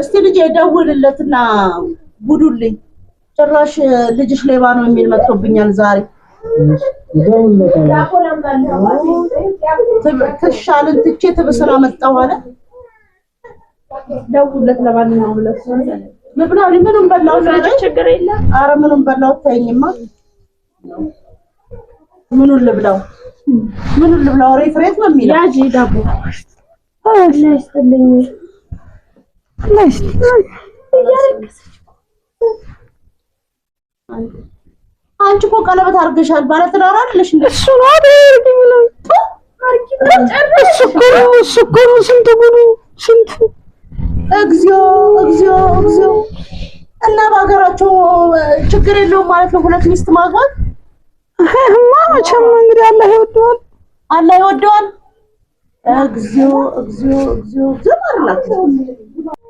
እስቲ ልጄ ደውልለትና ጉዱልኝ። ጭራሽ ልጅሽ ሌባ ነው የሚል መጥቶብኛል ዛሬ። ትሻልን ትቼ ትብስራ መጣሁ አለ። ደውለት ለማንኛውም ብለሽ ምን ምንም በላው ችግር የለም። ኧረ ምንም በላው ተይኝማ። ምኑን ልብላው? ምኑን ልብላው? ሬት ሬት ነው የሚለው ያጂ ዳቦ አንቺ እኮ ቀለበት አድርገሻል ባለ ትዳር አይደለሽ? እሱ ነው አድርጊ ብሎኝ እሱ እኮ ነው እሱ እኮ ነው ስንት ጉዱ ስንት እግዚኦ እግዚኦ እግዚኦ። እና በሀገራቸው ችግር የለውም ማለት ነው ሁለት ሚስት ማግባት? እማ መቼም እንግዲህ አላህ ይወደዋል አላህ ይወደዋል። እግዚኦ እግዚኦ እግዚኦ እግዚኦ ማርላት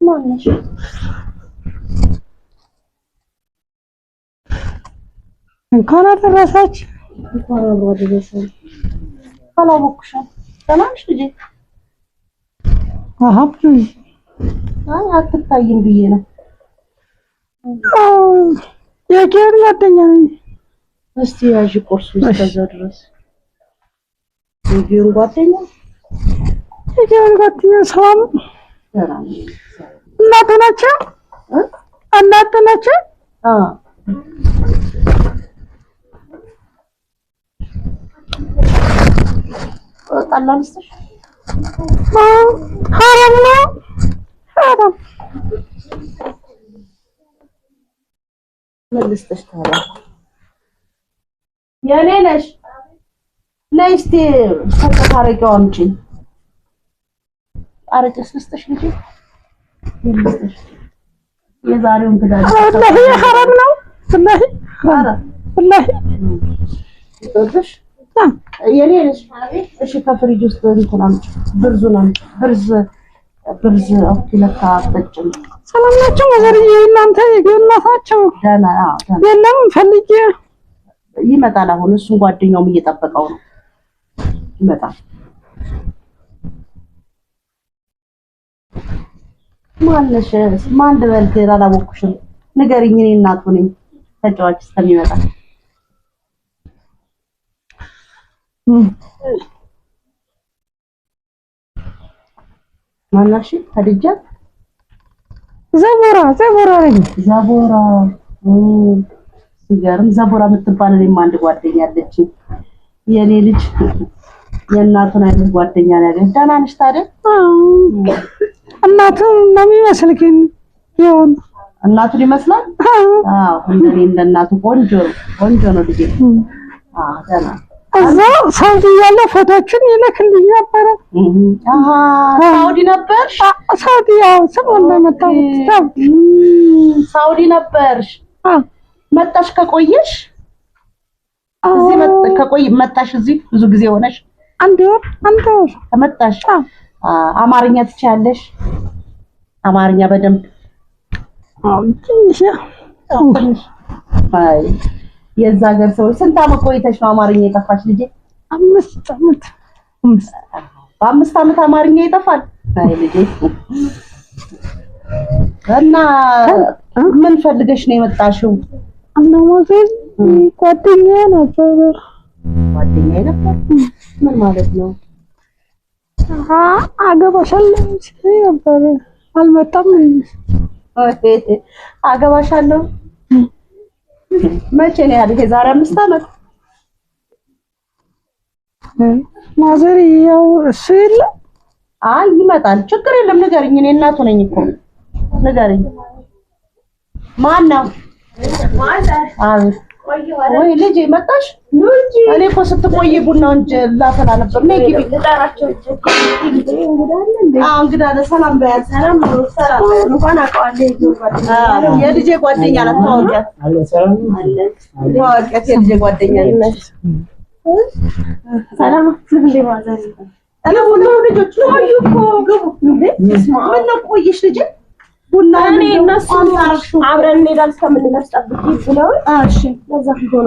Tamamdır. Kanadı da saç. Kanadı da desen. Kana bu kuşa. Tamam işte. Ha yapıyoruz. Ay artık kayın büyüyelim. Ya kendin yani. Nasıl yajı korsun kazanırız. Ne diyorsun gatine? Ne diyorsun gatine salam? తినొచ్చు అందరు తినొచ్చు అల్లం హారంలో హారం ملستش ترى يا ليش ليش تفكر هاري جونجي አረቄስ ልስጥሽ ልጅ ልስጥሽ። የዛሬውን ግዳ ወላሂ ነው ወላሂ ሐራም የኔ ነሽ እሺ። ከፍሪጅ ውስጥ እንትን አምጪ፣ ብርዙን አምጪ። ብርዝ ብርዝ ለካ አትጠጭም። ሰላም ናቸው ወዘርዬ፣ እናንተ የገናት ደህና የለም ፈልጌ ይመጣል። አሁን እሱን ጓደኛውም እየጠበቀው ነው፣ ይመጣል ማነሽ ማን ልበልህ? አላወኩሽም። ንገሪኝ፣ እኔ እናቱ ነኝ። ተጫዋች እስከሚመጣ ማናሽ? ከድጃ ዘቦራ ዘቦራ ነኝ። ዘቦራ ሲገርም፣ ዘቦራ የምትባል እኔም አንድ ጓደኛ አለችኝ። የእኔ ልጅ የእናቱን አይነት ጓደኛ ነው ያለኝ። ደህና ነሽ ታዲያ? እናትም ነው የሚመስልኝ። ይሁን እናቱን ይመስላል። አዎ እንደኔ እንደ እናቱ ቆንጆ ቆንጆ ነው ልጅ። እዛ ሳውዲ ያለ ፎቶችን ይልክልኝ ነበረ። ሳውዲ ነበርሽ? ሳውዲ ያው ሰሞን ሳውዲ ነበርሽ? መጣሽ? ከቆየሽ እዚህ መጣሽ? እዚህ ብዙ ጊዜ ሆነሽ? አንድ ወር አንድ ወር መጣሽ? አማርኛ ትችያለሽ? አማርኛ በደንብ ትንሽ የዛ ሀገር ሰዎች ስንት አመት ቆይተሽ ነው አማርኛ የጠፋሽ ልጄ? አምስት አመት። በአምስት አመት አማርኛ ይጠፋል? አይ ልጄ። እና ምን ፈልገሽ ነው የመጣሽው? እና ጓደኛዬ ነበር። ጓደኛዬ ነበር? ምን ማለት ነው? አገባሻለሁ ነበር አልመጣም። አገባሻለሁ መቼ ነው ያልከኝ? አምስት ማዘር ያው እሱ የለ። አይ ይመጣል፣ ችግር የለም ንገርኝ። እኔ እናቱ ነኝ እኮ ንገርኝ። ማን ነው? ወይ ልጅ መጣሽ? እኔ እኮ ስትቆይ ቡና እንጂ ላፈላ ነበር። ነይ ግቢ። ልጠራቸው እንግዳ ሰላም በያት። ሰላም እንኳን አውቀዋለሁ። የልጄ ጓደኛ ናት። ታወቂያት? ታወቂያት? የልጄ ጓደኛ ነች። ልጆች ምነው ቆየሽ ልጄ? ቡና እኔ እነሱ አብረን እንሄዳለን እስከምንደርስ ጠብቂኝ ብለውኝ፣ እሺ ለዛ ሆነ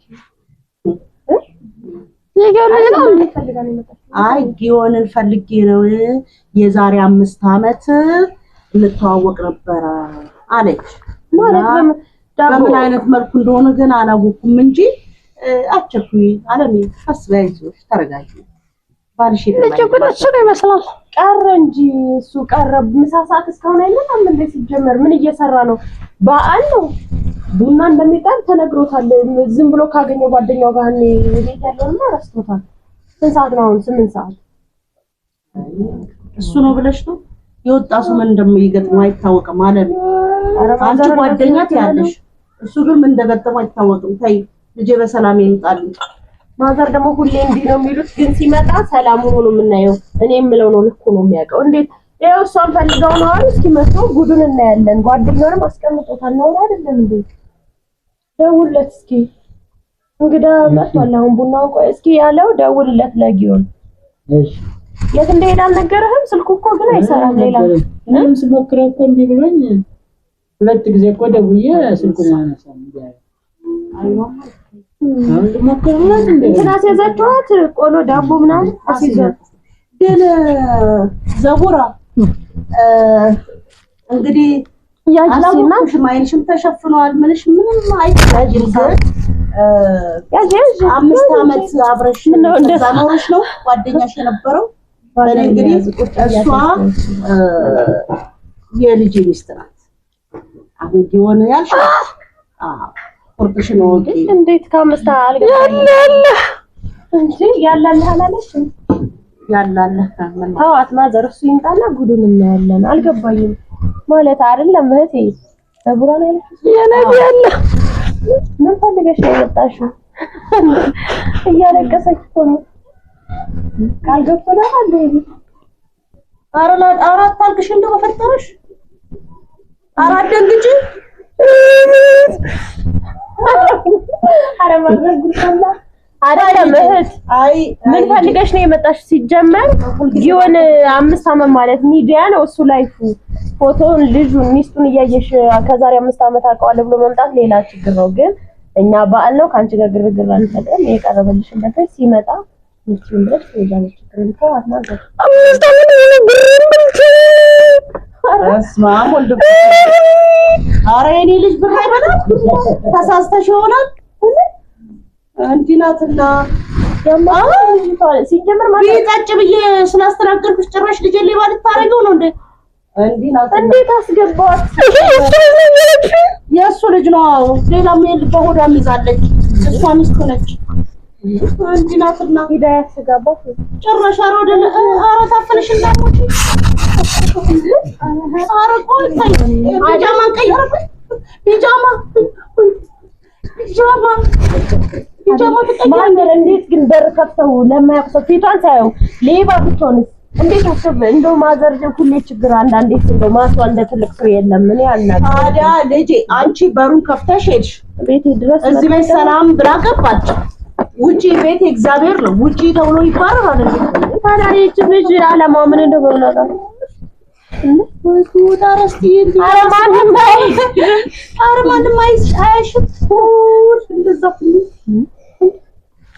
አይ ጊዮንን ፈልጌ ነው። የዛሬ አምስት አመት እንተዋወቅ ነበረ አለች። በምን አይነት መልኩ እንደሆነ ግን አላወኩም እንጂ አቸኩኝ አለም። ፈስ በይ አይዞሽ፣ ተረጋጊ ባልሽ ይመስላል። ቀረ እንጂ እሱ ቀረ። ምሳ ሰዓት እስካሁን አይመጣም እንዴ? ሲጀመር ምን እየሰራ ነው? በዓል ነው ቡና እንደሚጣል ተነግሮታል። ዝም ብሎ ካገኘው ጓደኛው ጋር እኔ ቤት ያለውና ረስቶታል። ስንት ሰዓት ነው አሁን? ስምንት ሰዓት እሱ ነው ብለሽ ነው የወጣ ሰው ምን እንደሚገጥመው አይታወቅም ማለት ነው። አንቺ ጓደኛት ያለሽ እሱ ግን ምን እንደገጠመው አይታወቅም። ተይ ልጄ በሰላም ይምጣል። ማዘር ደግሞ ሁሌ እንዲህ ነው የሚሉት፣ ግን ሲመጣ ሰላም ሆኖ የምናየው እኔ የምለው ነው ልኩ ነው የሚያውቀው እንዴት ይኸው እሷን ፈልገው ነዋል። አሉ። እስኪመጣው ጉዱን እናያለን። ጓደኛውንም አስቀምጦታል ነው አይደለም እንዴ? ደውልለት እስኪ እንግዳ መጥቷል። አሁን ቡናውን ቆይ እስኪ ያለው ደውልለት ለጊዮን። እሺ የት እንደሄደ አልነገረህም? ስልኩ እኮ ግን አይሰራም። ሌላ ምንም ስሞክረው እኮ እምቢ ብሎኝ ሁለት ጊዜ እኮ ደውዬ ስልኩ ማነሳም አስያዛችኋት ቆሎ ዳቦ ምናምን አስይዟት ግን ዘቡራ እንግዲህ ያጅ አይንሽም ተሸፍኗል። ምንሽ ምንም አይታይም። አምስት ዓመት አብረሽ ኖረሽ ነው ጓደኛሽ የነበረው። እንግዲህ እሷ የልጅ ሚስት ናት። አሁን ቢሆን እንዴት ከአምስት ተዋት ማዘር እሱ ይምጣና ጉዱን እናያለን። አልገባኝም ማለት አይደለም እህቴ። ቡራን አይነት የነቢ ያለ ምን ፈልገሽ ነው የመጣሽው? እያለቀሰች እኮ ነው። ቃል ገብቶናል። አንዴ አራና አራት ታልክሽ እንደው በፈጠረሽ አራት ደንግጭ አይደለም እህት፣ ምን ፈልገሽ ነው የመጣሽ? ሲጀመር ይሁን አምስት አመት ማለት ሚዲያ ነው እሱ ላይፉ ፎቶውን ልጁን ሚስቱን እያየሽ ከዛሬ አምስት ዓመት አውቀዋለሁ ብሎ መምጣት ሌላ ችግር ነው። ግን እኛ በዓል ነው ከአንቺ ጋር ግርግር አንፈጥም። የቀረበልሽ ነገር ሲመጣ ሚስቱን ድረስ ሌላ ችግር እንኳ አትናገር። አምስት ዓመት ነው ወልድ አረ የኔ ልጅ ብር አይበላም። ተሳስተሽ ይሆናል ሲጀምር ማለት ቢጠጭ ብዬ ስላስተናገርኩሽ ጭራሽ ልጄ ሌባ ልታረገው ነው እንዴት አስገባት የእሱ ልጅ ነው። ሌላ ሜል በሆዷ ይዛለች። እሷ ሚስቱ ነች። እንዲህ ሂዳ ያስገባው ጭራሽ አሮደን አራታፍንሽ እንዳሞች አረቆ ይታይ ቢጃማ ቀየረበት። ቢጃማ ቢጃማ ቢጃማ ተቀየረ። እንዴት ግን በር ከፍተው ለማያውቅ ሰው ፊቷን ሳያዩ ሌባ ብትሆንስ እንዴት አሰብ እንደው ማዘር ሁሌ ችግር አንዳንዴ እንደው ማቷ እንደ ትልቅ ሰው የለም። ምን አልናገርም። ታዲያ ልጄ አንቺ በሩን ከፍተሽ ሄድሽ፣ ቤቴ ድረስ እዚህ ቤት ሰላም ብላ ገባች። ውጪ ቤት እግዚአብሔር ነው ውጪ ተብሎ ይባላል አይደል? ታዲያ ይህች ልጅ አላማው ምን እንደው በእውነቱ ኧረ ማንም አይሽ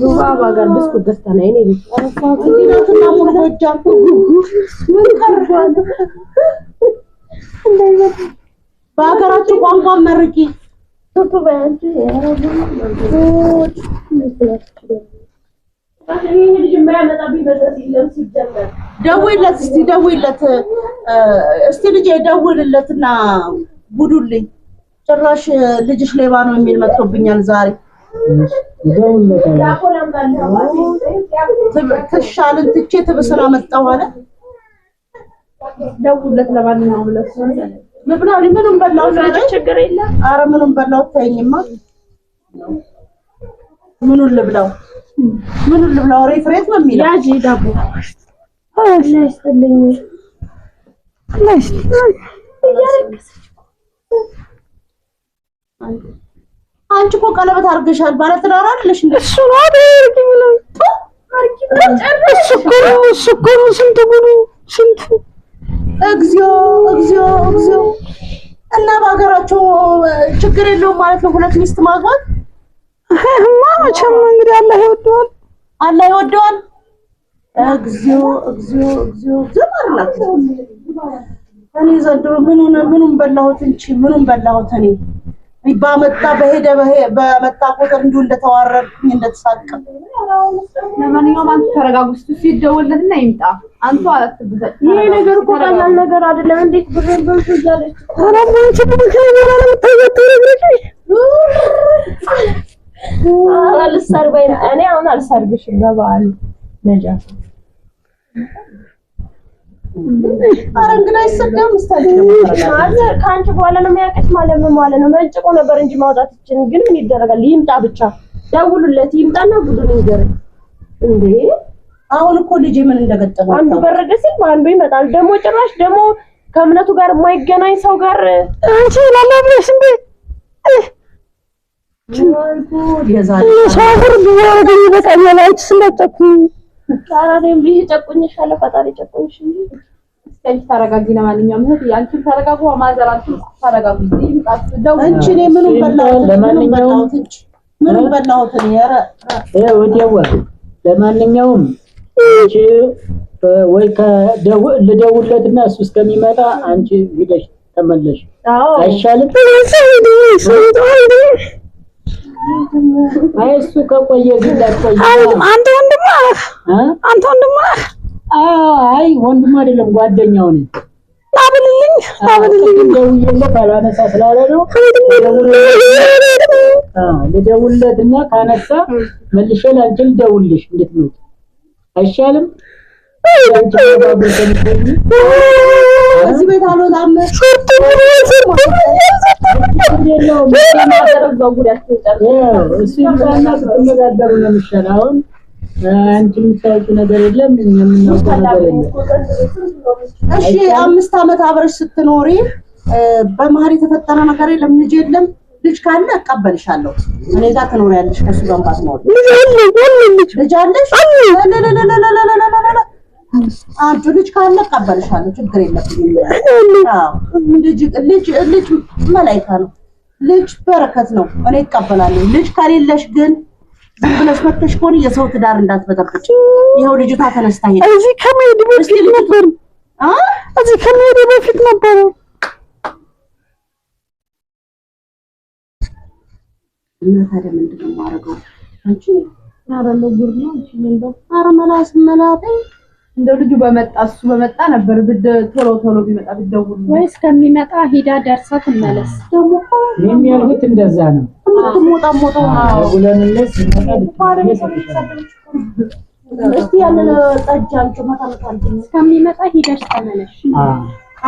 ዱባባ ጋር ብስኩት ገዝታ ነው እኔ ልጅ በሀገራችሁ ቋንቋ መርቂ ደውይለት እስቲ ደውይለት እስቲ ልጄ ደውልለትና ጉዱልኝ ጭራሽ ልጅሽ ሌባ ነው የሚል መጥቶብኛል ዛሬ ትሻልን ትቼ ትብስራ መጣሁ አለ። ደውለት ለማንኛውም ምብላው ምንም በላው ችግር የለም። ኧረ ምንም በላው ታይኝማ ምኑን ልብላው ምኑን ልብላው? ሬት ሬት ነው የሚለው ያጂ ዳቦ አይ አንቺ እኮ ቀለበት አድርገሻል። ባለ ትዳር አይደለሽ? እሱ ነው አድርጊ ብለው እሱ እኮ ነው። ስንት ጉዱ ስንት እግዚኦ እግዚኦ እግዚኦ። እና በሀገራቸው ችግር የለውም ማለት ነው ሁለት ሚስት ማግባት። እማ መቼም እንግዲህ አላህ ይወደዋል፣ አላህ ይወደዋል። እግዚኦ እግዚኦ እግዚኦ እግዚኦ እኔ ዘንድሮ ምኑን ምኑን በላሁት እንቺ ምኑን በላሁት እኔ ባመጣ በሄደ በመጣ ቁጥር እንዲሁ እንደተዋረድኩኝ እንደተሳቀ። ለማንኛውም አንተ ተረጋጉ። እስኪ ይምጣ። አንተ አላትብሰጥ። ይሄ ነገር እኮ ቀላል ነገር አይደለም። እንዴት ብርን ብንሱ ያለች አራምንች ብንካይ ነው የምታወጣው ልጅ እኔ አሁን አልሰርብሽም በበዓሉ ነጃ ኧረ እንግዲህ አይሰደብም። ከአንቺ በኋላ ነው የሚያውቅሽ ማለት ነው ነው። መንጭቆ ነበር እንጂ ማውጣት ይችላል። ግን ምን ይደረጋል? ይምጣ ብቻ ደውሉለት፣ ይምጣና ጉዱን ይንገረኝ። እንዴ አሁን እኮ ልጅ ምን እንደገጠመው አንዱ በረደ ሲል በአንዱ ይመጣል። ደግሞ ጭራሽ ደግሞ ከእምነቱ ጋር የማይገናኝ ሰው ጋር አንቺ ላላ ብለሽ እንዴ ይዛል ይሳፍር ቢያደርግ ይበቃኛል። አንቺ ጣራኔም ብዬ ጨቁኝሽ አለ ፈጣሪ ጨቁኝሽ እንጂ እስከዚህ ተረጋጊ። ለማንኛውም እህት አንቺም ታረጋጉ። ማዘራችሁም ተረጋጉ። እንቺ ለማንኛውም አንቺ ወይ ልደውለትና እሱ እስከሚመጣ አንቺ ሂደሽ ተመለሽ አይሻልም? አይ እሱ ከቆየ ግን አንተ ነህ? አንተ ወንድሙ ነህ? አይ ወንድሙ አይደለም፣ ጓደኛው ነኝ። ና ብልልኝ፣ ደውዬለት ባላነሳ ስላለ ነው ካነሳ መልሼ ላንቺ ልደውልልሽ። እንዴት ነው አይሻልም? እዚህ ቤት ነው አሁን አንቺም ታውቂ ነገር የለም እኛም ነገር የለም። እሺ አምስት ዓመት አብረሽ ስትኖሪ በመሀል የተፈጠረ ነገር የለም ልጅ የለም ልጅ ካለ እቀበልሻለሁ። እኔ ጋር ትኖሪያለሽ ከሱ ጋር አንቺ ልጅ ካለ እቀበልሻለሁ። ችግር የለብኝም። ልጅ ልጅ ልጅ መላይካ ነው። ልጅ በረከት ነው። እኔ እቀበላለሁ። ልጅ ከሌለሽ ግን ዝም ብለሽ መተሽ ከሆነ የሰው ትዳር እንዳትበጠብጭ። ይኸው ልጅቷ ተነስታ ሄደ። እዚህ ከመሄድ በፊት ነበር እዚህ ከመሄድ በፊት ነበረ። እና ታዲያ ምንድን ነው የማደርገው? አንቺ ኧረ መላስ መላተኝ እንደ ልጁ በመጣ እሱ በመጣ ነበር ብደ ቶሎ ቶሎ ቢመጣ ብደውል ወይስ ከሚመጣ ሂዳ ደርሳ ትመለስ። ደግሞ የሚያልኩት እንደዛ ነው። ሞጣ ሞጣ እስቲ ያንን ጠጅ አምጪ ከሚመጣ ሂደሽ ተመለሽ።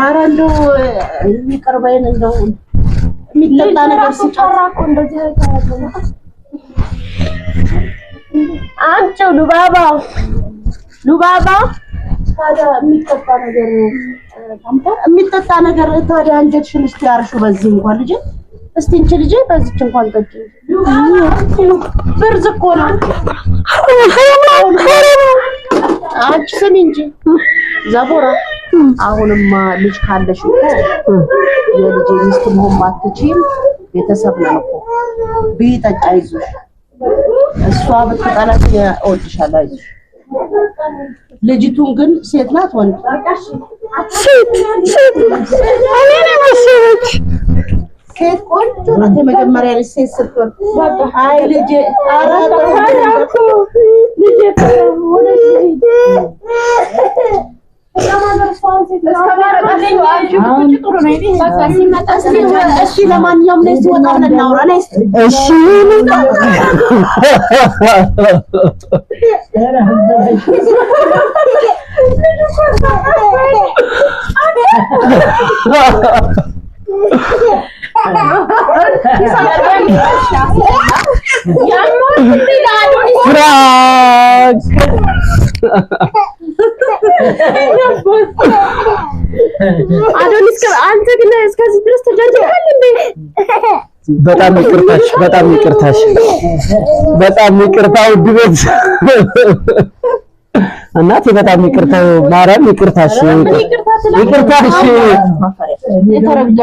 ኧረ እንደው የሚቀርበይን እንደው የሚጠጣ ነገር ሲጨራ እኮ እንደዚህ አንቺው ዱባባ ሉባባ የሚጠጣ ነገር ታዲያ አንጀትሽን እስኪ አርሺው። በዚህ እንኳን ልጅ እስቲ እንቺ ልጅ በዚች እንኳን ጠጪ። ብርዝ እኮ ነው። አንቺ ስሚ እንጂ ዘቦራ፣ አሁንማ ልጅ ካለሽ እኮ የልጅ ሚስት መሆን ማትችይም። ቤተሰብ ነው እኮ ብይ፣ አይዞሽ። እሷ ብትጠላሽ እወድሻለሁ፣ አይዞሽ ልጅቱን ግን ሴት ናት ወንድ? ሴት ሴት እኔን የመሰለች ሴት ቆንጆ ናት። የመጀመሪያ ልጅ ሴት ስትሆን አይ ልጄ Aku tidak pernah melihat siapa yang bisa mengalahkanmu. Siapa yang bisa mengalahkanmu? Siapa yang bisa mengalahkanmu? Siapa yang bisa mengalahkanmu? Siapa yang bisa mengalahkanmu? Siapa yang bisa mengalahkanmu? Siapa yang bisa mengalahkanmu? Siapa yang bisa mengalahkanmu? Siapa yang bisa mengalahkanmu? Siapa yang bisa mengalahkanmu? Siapa yang bisa mengalahkanmu? Siapa yang bisa mengalahkanmu? Siapa yang bisa mengalahkanmu? Siapa yang bisa mengalahkanmu? Siapa yang bisa mengalahkanmu? Siapa yang bisa mengalahkanmu? Siapa yang bisa mengalahkanmu? Siapa yang bisa mengalahkanmu? Siapa yang bisa mengalahkanmu? Siapa yang bisa mengalahkanmu? Siapa አዶኒስ አንተ ግን እስከዚህ ድረስ ተደርጃል እንዴ? በጣም ይቅርታሽ፣ በጣም ይቅርታሽ፣ በጣም ይቅርታ ውድ ቤት እናቴ በጣም ይቅርታ፣ ማርያም ይቅርታሽ፣ ይቅርታሽ ተረብጃም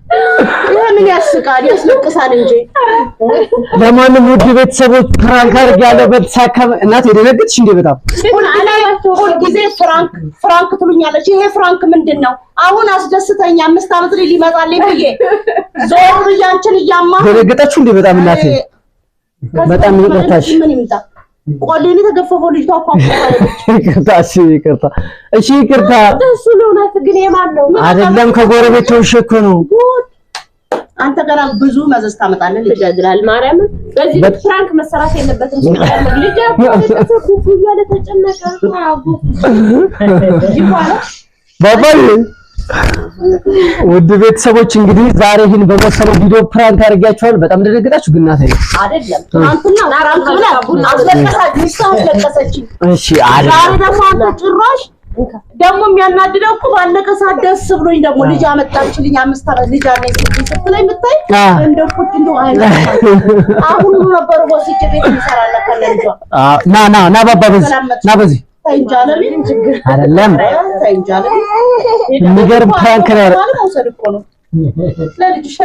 ምን ያስቃል? ያስለቅሳል እንጂ። ለማንም ውድ ቤተሰቦች ፍራንክ አድርግ ያለ በተሳካ እናት የደነገጥሽ እንዴ? በጣም ሁን ጊዜ ፍራንክ ፍራንክ ትሉኛለች። ይሄ ፍራንክ ምንድን ነው? አሁን አስደስተኛ አምስት አመት ላይ ሊመጣልኝ ብዬ ዞር ብዬ አንቺን እያማ ደነገጣችሁ እንዴ? በጣም እናት በጣም ይቅርታሽ። ምን ይምጣ ቆሌን የተገፈፈው ልጅ ታቋቋለች። ይቅርታ እሺ፣ ይቅርታ። እሱ ለእውነት ግን የማን ነው? አይደለም ከጎረቤት ተውሸኮ ነው አንተ ገና ብዙ መዘዝ ታመጣለህ። ልጃዝላል ማርያም በዚህ ፍራንክ መሰራት የለበትም። ውድ ቤተሰቦች እንግዲህ ዛሬ ይህን በመሰለው ቪዲዮ ፕራንክ አድርጌያችኋል። በጣም ደነገጣችሁ ግን እናት አይደለም ትናንትና ራንክ ብላ አስለቀሳችሁ። እሺ አይደለም ዛሬ ደግሞ አንተ ጭራሽ ደግሞ የሚያናድደው እኮ ባለቀ ሰዓት ደስ ብሎኝ ደግሞ ልጅ አመጣችልኝ አምስት አራት ልጅ አለኝ ስትለኝ የምታይ እንደው ቁጭ እንደው አሁን ነበር ወስጄ ቤት እንሰራለን ና ና ና ባባ በዚህ ና በዚህ አይደለም የሚገርም ፕራንክ ነው። ለልጅሽ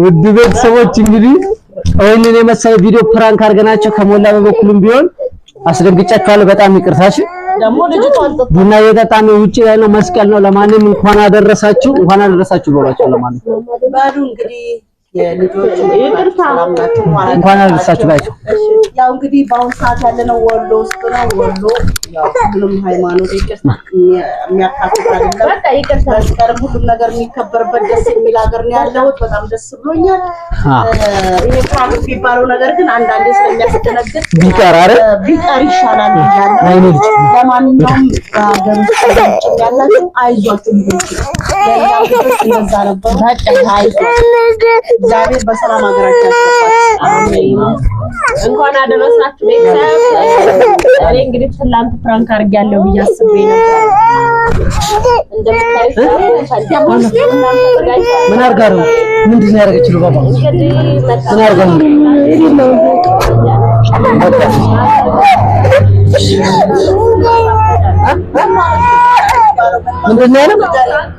ውድ ቤተሰቦች እንግዲህ ይህንን የመሰለ ቪዲዮ ፕራንክ አድርገናቸው ከሞላ በበኩልም ቢሆን አስደንግጫችኋለሁ። በጣም ይቅርታሽ። ቡና እየጠጣ ነው፣ ውጭ ላይ ነው፣ መስቀል ነው። ለማንም እንኳን አደረሳችሁ፣ እንኳን አደረሳችሁ በሏቸው ለማንም የልጆች እንኳን አደረሳችሁ ባቸው። ያው እንግዲህ በአሁኑ ሰዓት ያለነው ወሎ ውስጥ ነው። ወሎ ሁሉም ሃይማኖት የሚያካትት አይደለም። ሁሉም ነገር የሚከበርበት ደስ የሚል ሀገር ነው ያለሁት። በጣም ደስ ብሎኛል። ይሄ ፕራግ የሚባለው ነገር ግን አንዳንዴ ስለሚያስደነግጥ ቢቀር አረ ቢቀር ይሻላል። ለማንኛውም በሀገር ውስጥ ያላችሁ አይዟችሁ ልጆች፣ ነበር እግዚአብሔር በሰላም ሀገራችን እንኳን አደረሳችሁ። ቤተሰብ እኔ እንግዲህ ትላንት ፍራንክ አድርጌያለሁ ብዬ አስቤ ነበር። ምን አድርጋ ነው? ምንድን ነው ያደረገችው? ባባ ምን አድርጋ ነው? ነው